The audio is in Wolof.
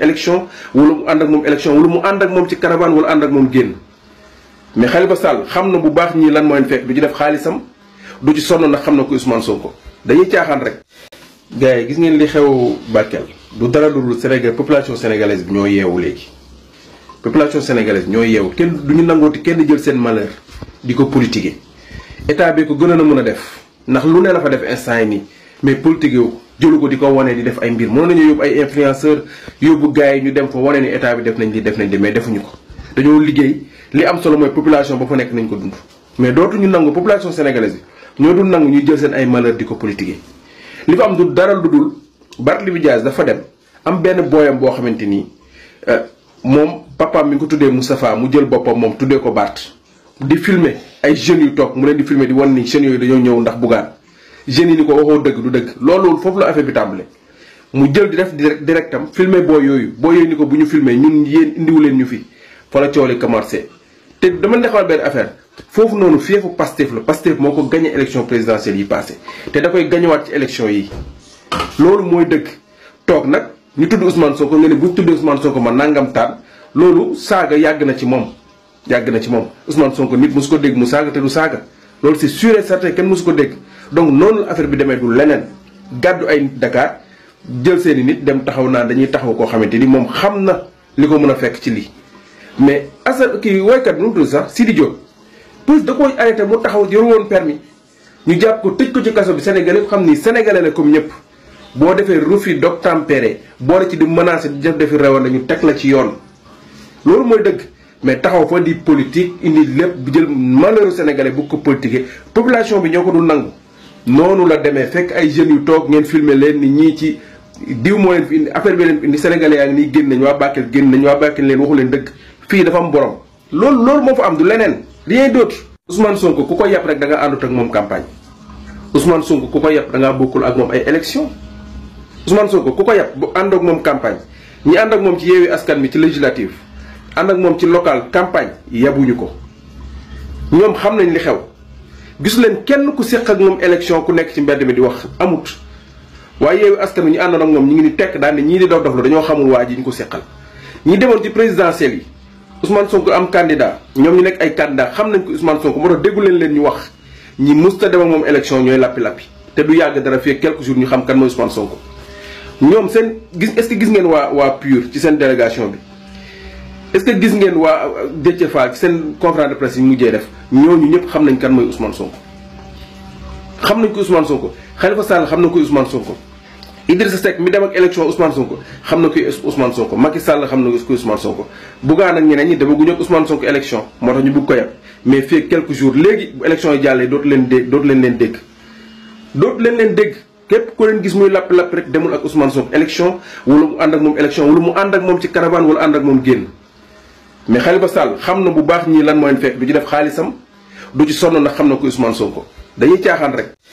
élection wala mu ànd ak moom élection wala mu ànd ak moom ci caravane wala ànd ak moom génn mais Khalifa Sall xam na bu baax ñii lan mooy fekk du ci def xaalisam du ci sonn ndax xam na ko Ousmane ko dañuy caaxaan rek. gars yi gis ngeen li xew Bakel du dara dul Sénégal population sénégalaise bi ñoo yeewu léegi population sénégalaise ñoo yeewu kenn du ñu nangooti kenn jël seen malheur di ko politiquer état bi ko gënoon a mën a def ndax lu nee la def instant yi nii mais politiquer wu jëlu ko di ko wane di def ay mbir mënoon nañu yóbbu ay influenceur yóbbu gars yi ñu dem fa wane ni état bi def nañ li def nañ li mais defuñu ko dañoo liggéey li am solo mooy population ba fa nekk nañ ko dund mais dootuñu nangu population sénégalaise bi ñoo dul nangu ñu jël seen ay malheur di ko politiquer li ko am du dara lu dul Barthélémy Dias dafa dem am benn booyam boo xamante ni euh, moom papaam mi ngi ko tuddee Moustapha mu jël boppam moom tuddee ko Bart di filmer ay jeunes yu toog mu leen di filmer yooyu dañoo ñëw ndax bugaan jeunes yi ni ko waxoo dëgg du dëgg loolu foofu la affaire bi tàmbale mu jël di def directam filmer boo yooyu boo yooyu ni ko bu ñu filmer ñun yéen indiwu leen ñu fi fa la coow li commencé te dama ne xamal benn affaire foofu noonu fiefu Pastef la Pastef moo ko gagné élection présidentielle yi passé te da koy gañewaat ci élection yi loolu mooy dëgg toog nag ñu tudd Ousmane Sonko nga ne bu ñu tudd Ousmane Sonko ma nangam loolu saaga yàgg na ci moom yàgg na ci moom Ousmane Sonko nit mosu ko dégg mu saaga te saaga loolu c'est sûr et certain kenn mosu ko dégg donc noonu la bi demee du leneen gàddu ay nit Dakar jël seen i nit dem taxaw naa dañuy taxaw koo xamante ni moom xam na li ko mën a fekk ci lii. mais asa kii woykat bi nu mu tudd sax Sidi Diop plus da koy arrêté mu taxaw yoru woon permis ñu jàpp ko tëj ko ci kaso bi Sénégal yëpp xam ni sénégalais la comme ñëpp boo defee refus boo boole ci di menacer di def defi rawan ñu teg la ci yoon loolu mooy dëgg. mais taxaw fa di politique indi lépp jël malheureux sénégalais bu ko politiqué population bi ñoo ko dul nangu noonu la demee fekk ay jeunes yu toog ngeen filmer leen ni ñii ci diw moo leen fi indi affaire bi leen fi yaa ngi nii génn nañu waa Bakel génn nañu waa Bakel leen waxu leen dëgg fii dafa am borom loolu loolu moo fa am du leneen rien dootu Ousmane Sonko ku ko yàpp rek da nga ak moom campagne Ousmane sunk ku ko yàpp da bokkul ak moom ay élection Ousmane Sonko ku ko bu ànd moom campagne ñi ànd ak moom ci yeewi askan bi ci législative ànd ak moom ci local campagne yabuñu ko ñoom xam nañ li xew gis leen kenn ku séq ak moom election ku nekk ci mbedd mi di wax amut waaye yeewu askan wi ñu àndoon ak ñoom ñu ngi ni tekk daan ne ñii di dof dof la dañoo xamul waa ji ñu ko séqal ñi demoon ci présidentielle yi Ousmane Sonko am candidat ñoom ñu nekk ay candidat xam nañ ko Ousmane Sonko moo tax déggu leen leen ñu wax ñi musta dem ak moom élection ñooy lappi lappi te du yàgg dara fii quelques jours ñu xam kan mooy Ousmane Sonko ñoom seen gis est-ce que gis ngeen waa waa PUR ci seen délégation bi est-ce que gis ngeen waa Déthié Fall seen conférence de presse yi mujjee def ñooñu ñëpp xam nañ kan mooy Ousmane Sonko. xam nañ ko Ousmane Sonko Khalifa Sall xam na ko Ousmane Sonko Idrissa Seck mi dem ak élection Ousmane xam na ko Ousmane Sonko Macky Sall xam na ko Ousmane Sonko. Bougane ak ñeneen ñi demaguñu ak Ousmane Sonko élection bugg ko yab mais fii quelques jours léegi bu élection yi jàllee dootu leen dé dootu leen leen dégg dootu leen leen dégg. képp ku leen gis muy lapp-lapp rek demul ak Ousmane Sonko élection wala mu ànd ak moom élection wala mu ànd ak moom ci caravane wala ànd ak moom génn mais xale Khalifa Sall xam na bu baax ñii lan moo leen fekk du ci def xaalisam du ci sonn na xam na ko Ousmane ko dañuy caaxaan rek.